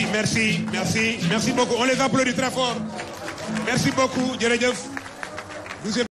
merci merci merci merci beaucoup on les applaudit très fort merci beaucoup jërëjëf